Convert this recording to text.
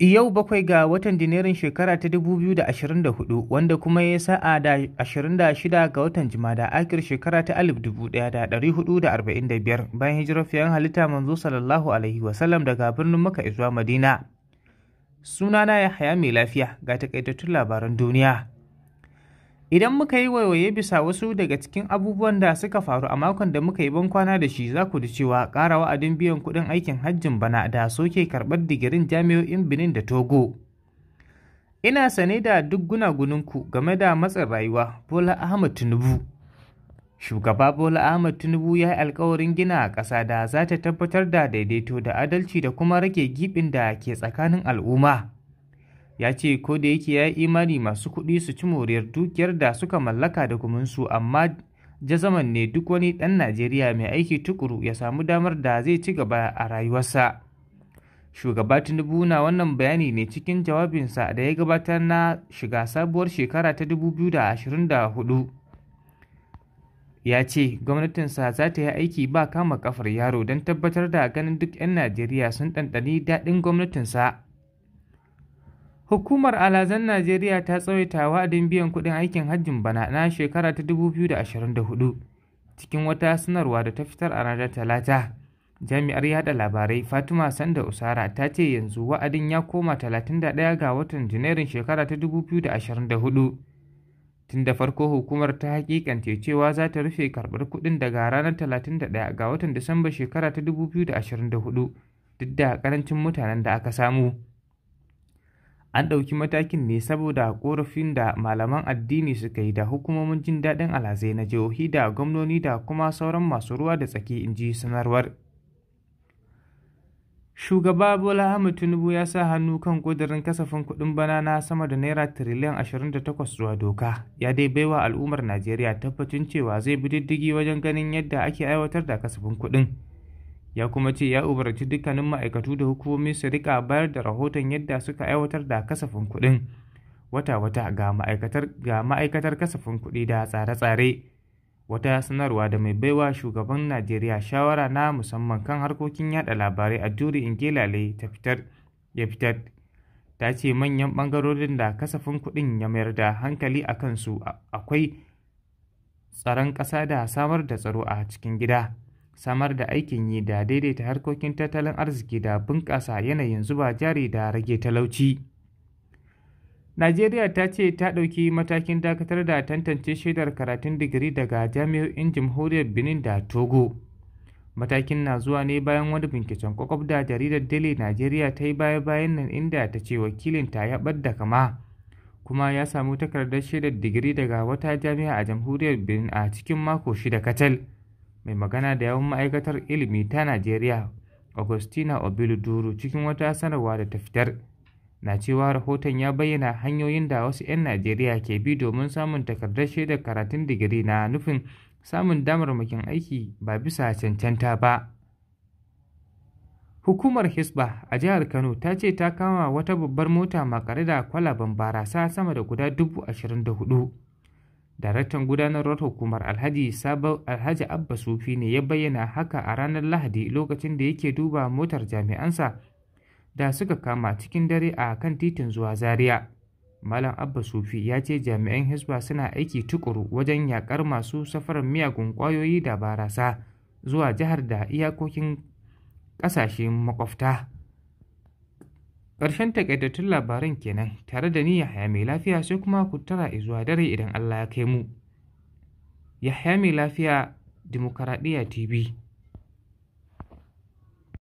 Yau bakwai ga watan Janairun shekara ta 2024 wanda kuma ya sa a da 26 ga watan Jumada akir shekara ta 1445 bayan hijirar fiye halitta manzo sallallahu alaihi wasallam daga birnin Maka zuwa Madina. Sunana Yahaya mai lafiya ga takaitattun labaran duniya. Idan muka yi waiwaye bisa wasu daga cikin abubuwan da suka faru a makon da muka yi bankwana da shi za ku da cewa ƙara wa'adin biyan kuɗin aikin hajjin bana da soke karɓar digirin jami'o'in Benin da Togo. Ina sane da duk ku game da matsin rayuwa Bola Ahmad Tinubu. Shugaba Bola Ahmad Tinubu ya yi alkawarin gina a ƙasa da za ta tabbatar da daidaito da adalci da kuma rage gibin da ke tsakanin al'umma. ya ce ko da yake ya yi imani masu kuɗi su ci moriyar dukiyar da suka mallaka da kuminsu amma jazaman ne duk wani ɗan najeriya mai aiki tukuru ya samu damar da zai ci gaba a rayuwarsa shugaba tinubu na wannan bayani ne cikin jawabinsa da ya gabatar na shiga sabuwar shekara ta 2024 ya ce gwamnatinsa za ta yi aiki ba kama kafar yaro don tabbatar da ganin duk 'yan najeriya sun ɗanɗani daɗin gwamnatinsa Hukumar alazan Najeriya ta tsawaita wa'adin biyan kuɗin aikin hajjin bana na shekara ta 2024 cikin wata sanarwa da ta fitar a ranar Talata. Jami'ar yada labarai Fatima Sanda Usara ta ce yanzu wa'adin ya koma 31 ga watan Janairun shekara ta 2024. Tun da farko hukumar ta hakikance cewa za ta rufe karɓar kuɗin daga ranar 31 ga watan Disamba shekara ta 2024 duk da ƙarancin mutanen da aka samu. An ɗauki matakin ne saboda ƙorafin da malaman addini suka yi da hukumomin jin daɗin alhazai na jihohi da gwamnoni da kuma sauran masu ruwa da tsaki in ji sanarwar. Shugaba Bola Ahmed Tinubu ya sa hannu kan ƙudurin kasafin kuɗin bana na sama da Naira tiriliyan 28 zuwa doka, ya dai baiwa al'ummar Najeriya tabbacin cewa zai bi diddigi wajen ganin yadda ake aiwatar da kasafin kuɗin. ya kuma ce ya umarci dukkanin ma'aikatu da hukumomi su rika bayar da rahoton yadda suka aiwatar da kasafin kuɗin wata-wata ga ma'aikatar ga ma'aikatar kasafin kuɗi da tsare-tsare wata sanarwa da mai baiwa shugaban najeriya shawara na musamman kan harkokin yada labarai a juri ingilale ta fitar ya fitar ta ce manyan bangarorin da kasafin kuɗin ya mayar da hankali a kansu akwai tsaron ƙasa da samar da tsaro a cikin gida samar da aikin yi da daidaita harkokin tattalin arziki da bunƙasa yanayin zuba jari da rage talauci. Najeriya ta ce ta ɗauki matakin dakatar da tantance shaidar karatun digiri daga jami'o'in jamhuriyar Benin da Togo. Matakin na zuwa ne bayan wani binciken kwakwab da jaridar Daily Najeriya ta yi baya-bayan nan inda ta ce wakilin ta ya ɓadda kama. kuma ya samu takardar shaidar digiri daga wata jami'a a jamhuriyar Benin a cikin mako shida katal. mai magana da yawan ma'aikatar ilimi ta najeriya augustina obiluduru cikin wata sanarwa da ta fitar na cewa rahoton ya bayyana hanyoyin da wasu 'yan najeriya ke bi domin samun takardar shaidar karatun digiri na nufin samun damar makin aiki ba bisa cancanta ba hukumar hisba a jihar kano ta ce ta kama wata babbar mota makare da kwalaban barasa sama da guda dubu ashirin da hudu daraktan gudanarwar hukumar alhaji alhaji abba sufi ne ya bayyana haka a ranar lahadi lokacin da yake duba motar jami'ansa da suka kama cikin dare a kan titin zuwa zaria malam abba sufi ya ce jami'an hisba suna aiki tukuru wajen yakar masu safarar miyagun kwayoyi da barasa zuwa jihar da iyakokin ƙasashen makwabta Ƙarshen takaitattun labaran kenan tare da ni Yahaya mai lafiya sai kuma ku tara zuwa dare idan Allah ya kai mu. Yahaya mai lafiya dimokuraɗiyya TV.